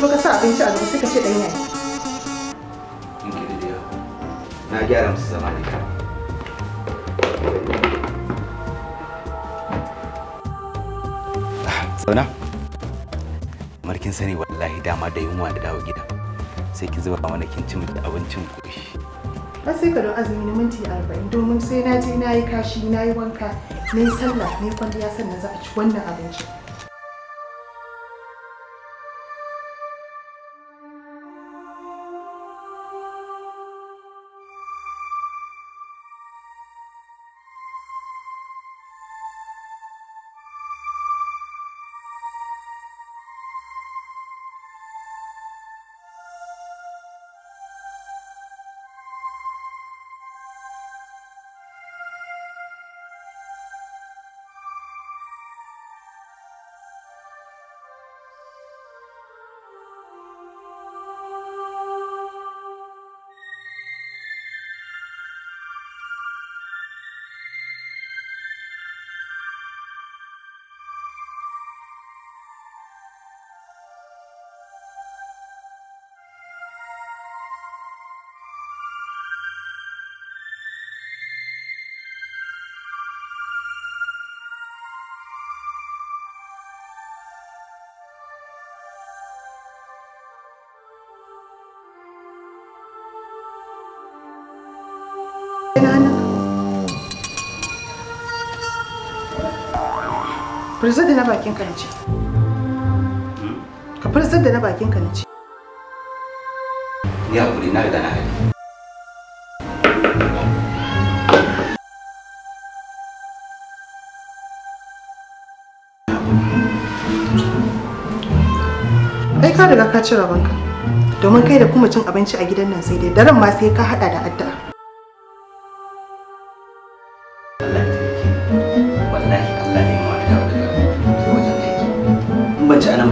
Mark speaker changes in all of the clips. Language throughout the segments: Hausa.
Speaker 1: fa ka sa abinci a gaba sai ka ce dan yayi
Speaker 2: na gyara musu zama ne ah, zauna markin sani wallahi dama da yunwa da dawo gida sai ki zuba mana kin ci miki abincin koshi Ba sai ka don azumi na minti arba'in domin sai na je na yi kashi na yi wanka na yi sallah na yi kwalliya sannan za a ci wannan abincin Furzar da na bakin ka nace. Ka furzar da na bakin ka nace. Ya hakuri na riga na hali. Ai ka riga ka cire rabanka. Domin kai da kuma cin abinci a gidan nan sai dai daren ma sai ka hada da addu'a.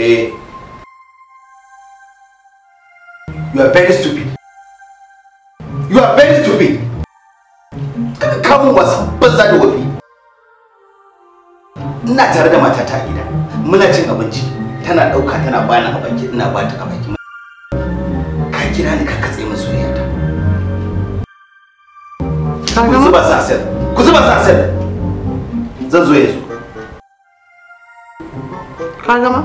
Speaker 2: Hey. You are very stupid. You are very stupid. Kada kamun wasu banza da wafi. Ina tare da matata a gida. Muna cin abinci. Tana ɗauka tana bani a baki ina ba ta a baki. Ka kira ni ka katse min soyayyata. Ku zuba sasel. Ku zuba sasel. Zan zo yanzu. Ka gama?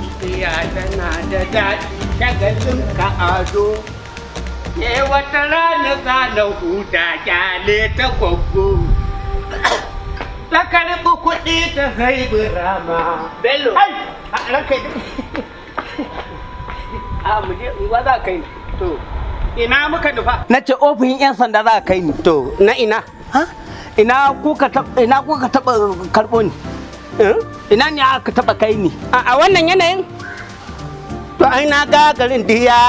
Speaker 1: Tafiya tana da daɗi shagalin ka ado, ke wata rana za na huta kyale ta gwaggo. Ta karɓi kuɗi ta haibu rama. Bello! Ranka A mu je, za ka yi. To, ina muka nufa? Na ce ofin 'yan sanda za ka yi. To, na ina? Ha? ina kuka ina kuka taba karbo ni eh? ina ne aka taba kai ni a wannan yanayin to ai na ga garin da ya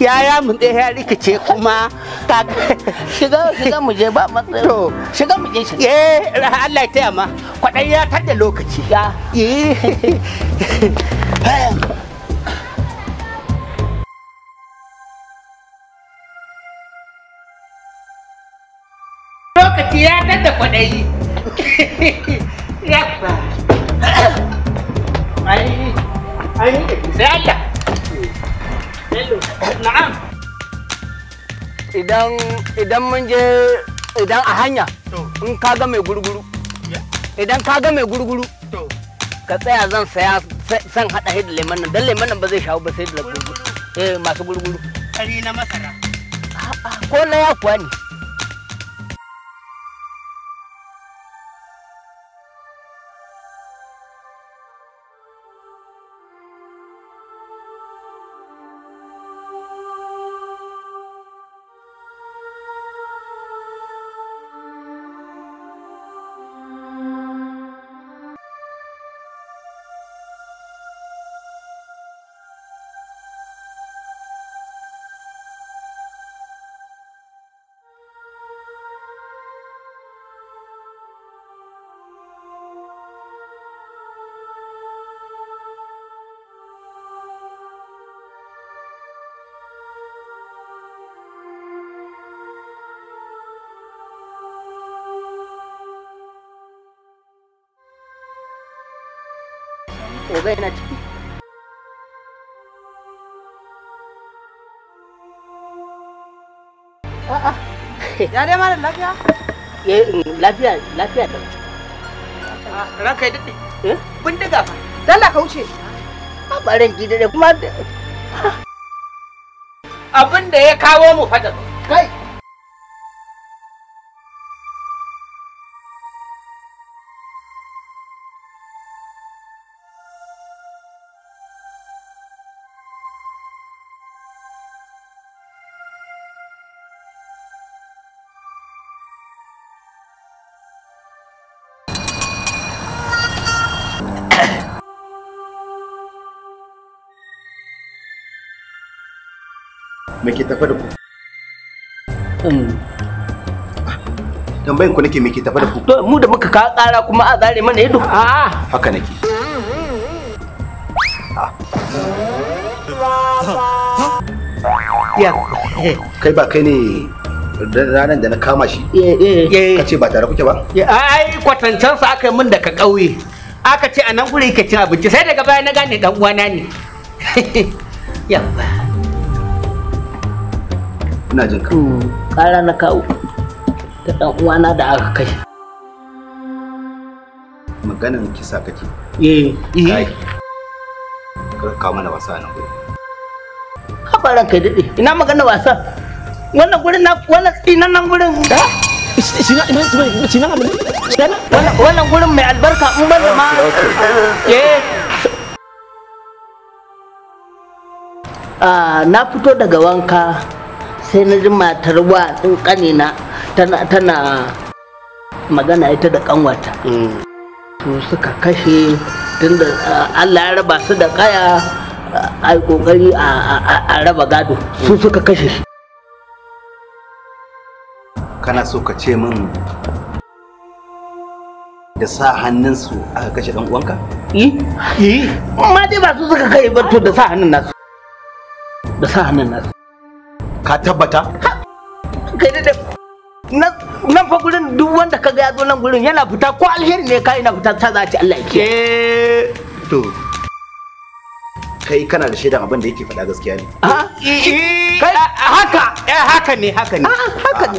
Speaker 1: ya ya mun da ya rikice kuma ka shiga shiga mu je ba matsayi to shiga mu je shi eh Allah ya taya ma kwadai ya tada lokaci ya eh ya ta da kwaɗayi yabba ai ai sai Allah na'am idan idan mun je idan a hanya in ka ga mai gurguru idan ka ga mai gurguru ka tsaya zan saya san hada shi da leman nan don leman nan ba zai shawo ba sai da gurguru eh masu gurguru kari na masara ko na yakuwa ne gobe yana ciki ya dai mara eh, mm, lafiya lafiya lafiya ah, da ranka ya daɗe eh? bindiga fa dala ka wuce a ah, barin gida da kuma abin da ya kawo mu fadar
Speaker 2: me ke tafa da ku um. tambayin ku nake me ke da ku to mu da
Speaker 1: muka ka kara kuma a zare mana ido a
Speaker 2: haka nake ya kai ba kai ne ranar da na kama shi eh, eh. ka ce ba tare kuke ba ai
Speaker 1: sa aka yi min daga ƙauye aka ce a nan guri ka cin abinci sai daga baya na gane dan uwana ne yamma ina jin ka Kara hmm, na kawo da ɗan uwana da aka kai
Speaker 2: maganin kisa kake eh eh kawo mana wasa nan gurin
Speaker 1: haba kai daɗe ina magana wasa wannan gurin na wannan tsinan nan gurin Shina ina sina sina sina wannan gurin mai albarka in ban da ma eh Ah, na fito daga wanka sai na ji matar wa tsin kanina tana tana magana ita da kanwata mm. to suka kashe tunda Allah ya raba su da kaya a kokari a raba gado su suka kashe shi
Speaker 2: kana so ka ce min da sa hannunsu aka kashe dan uwanka?
Speaker 1: Eh, eh, Ma dai ba su suka kai ba to da sa hannun nasu.
Speaker 2: Da sa hannun nasu. ka tabbata
Speaker 1: nan fa gurin duk wanda ka ga ya zo nan gurin yana fita ko alheri ne kai yana fita ta za ci Allah
Speaker 2: ke to kai kana da shaidan abin da yake faɗa gaskiya ne
Speaker 1: ah, eh, eh, kai ah, ah, haka eh haka ne haka ne haka ne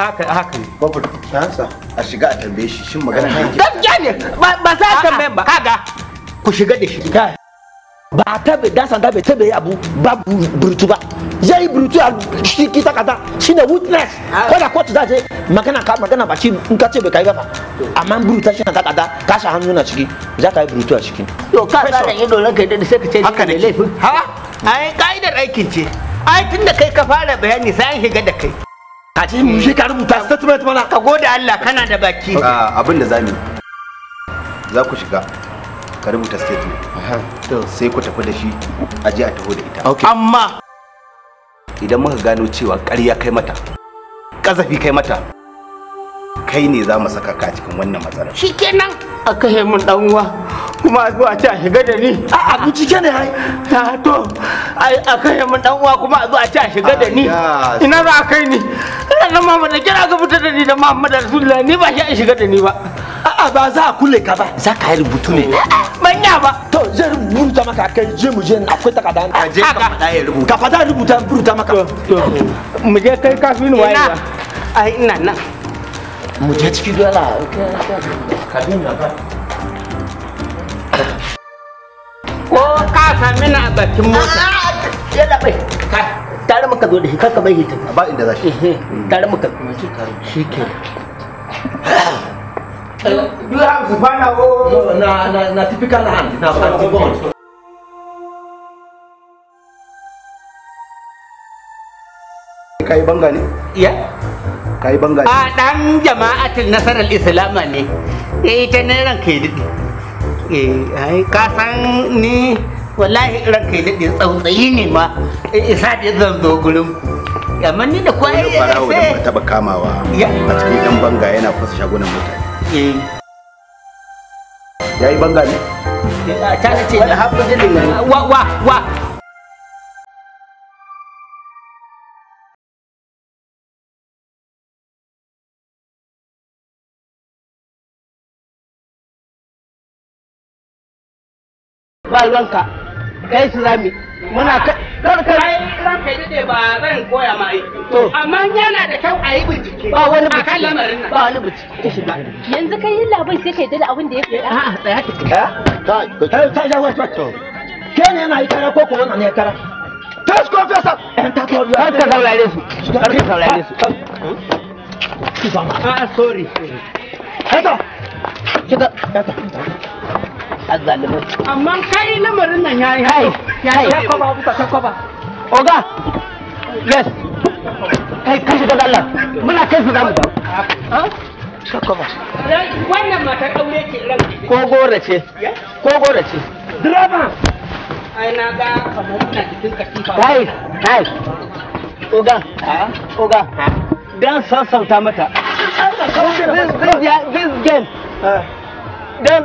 Speaker 2: haka haka ne babu sa a shiga a tambaye shi shin magana ne
Speaker 1: gaskiya ne ba za a tambaye ba kaga ku shiga da shi ba tabe dan be ta be abu ba burutu ba zai burutu a shi kita kata shi ne witness ah. ko da kotu da je magana ka magana ba shi in ka ce be kai ba amma burutu shi na kata ka sha hannu na ciki za ka yi burutu a ciki to ka sa da ido ranka da sai ka ce haka ne laifin ha ai kaidar aikin ce ai tunda kai ka fara bayani sai shiga da kai ka ce mu shi ka rubuta statement mana ka gode Allah kana da baki ah, abin da
Speaker 2: zamu za ku shiga ka rubuta statement to sai ku tafi da shi a je a taho da ita amma idan muka gano cewa ƙarya kai mata ƙazafi kai mata kai ne za mu saka ka cikin wannan matsala. shikenan a kashe mun dan uwa kuma a zuwa ce a shiga da ni a a bincike
Speaker 1: ne hai ta to ai a kashe mun dan uwa kuma a zuwa ce a shiga da ni ah, ina za a kai ni ina ma ba da kira ga fitar da ni da Muhammad Rasulullah ni ba shi a shiga da ni ba a'a ba za a kulle ka ba za ka yi rubutu ne manya ba to zai rubuta maka kai je mu je akwai takarda ka je ka fada ya rubuta ka fada rubuta rubuta maka mu je kai kafin waye ba ai ina nan mu je cikin dala ka dinga ba ko ka sami na bakin mota ya labai ka tare maka zo da shi ka bai hita ba inda za shi tare maka shi ke Do you have Savannah or? No, na, na, na typical hand, na Pantibond. Ka yi banga ne? Iya. Ka yi banga A ɗan jama'atin nasarar Islama ne, ya yi ta ne ranka yi daɗi. Eh, eh ka san ni wallahi ranka yi daɗi tsautsayi ne ma eh, isa da zan zo gurin ku. amma ni da kwaye sai. ba
Speaker 2: taɓa kamawa a cikin dan banga yana eh, fasa shagunan mutane. yi yayi banga ne ta ce wani haɓɓa jilin ne wa wa wa ba ruwanka kai su zami
Speaker 1: muna karkar
Speaker 2: ran kai dade ba zan koya ma aiki amma
Speaker 1: yana da kyau a yi bincike ba wani bincike lamarin nan ba wani bincike yanzu kai labai sai kai abin da ya a'a tsaya ki
Speaker 2: ka ah, ta
Speaker 1: yi kara ko ko wannan ne kara tas ko fesa en ta ko ta su amma kai lamarin nan ya oga yes kai kashi da Allah muna kai su mu ba shakoma wannan matar aure ce ran ko ce ko gora ce direba ai na ga kamar muna cikin katifa kai kai oga oga dan sassauta mata this this dan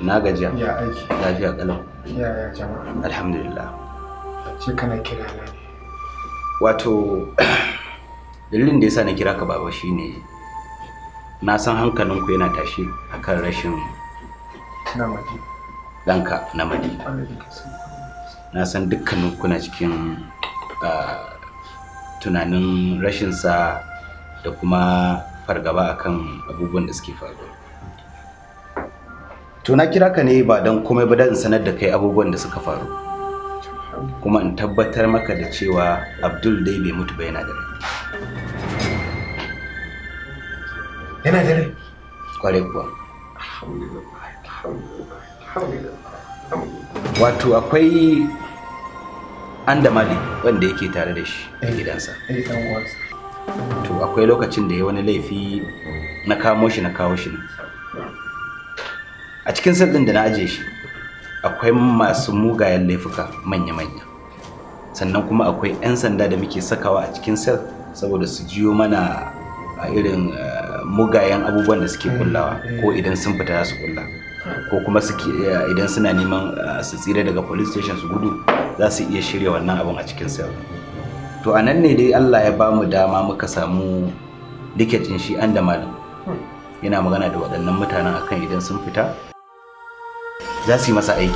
Speaker 2: na gajiya ya aiki lafiya kalau
Speaker 1: ya ya jama'a
Speaker 2: alhamdulillah
Speaker 1: ce kana kira ne
Speaker 2: wato dalilin da yasa na kira ka baba shine na san hankalin ku yana tashi akan rashin namadi danka namadi na san dukkanin kuna cikin tunanin rashin sa da kuma fargaba akan abubuwan da suke faruwa to na kira ka ne ba dan komai ba don sanar da kai abubuwan da suka faru kuma in tabbatar maka da cewa abdul dai bai mutu ba yana da rai yana da kware kuwa wato akwai andamali wanda yake tare da shi a gidansa eh, eh, to akwai lokacin da ya wani laifi na kamo shi na kawo shi a cikin sel da na aje shi akwai masu mugayen laifuka manya-manya sannan kuma akwai 'yan sanda da muke sakawa a cikin sel saboda su jiyo mana a irin eh, mugayen abubuwan da suke kullawa mm, ko mm. idan sun fita su kulla ko kuma eh, idan suna neman eh, su tsira daga police station su gudu za su iya shirya wannan abin a cikin sel to a nan ne dai allah ya ba mu dama muka samu likitin shi an da malam yana magana da waɗannan mutanen akan idan sun fita
Speaker 1: za su yi masa aiki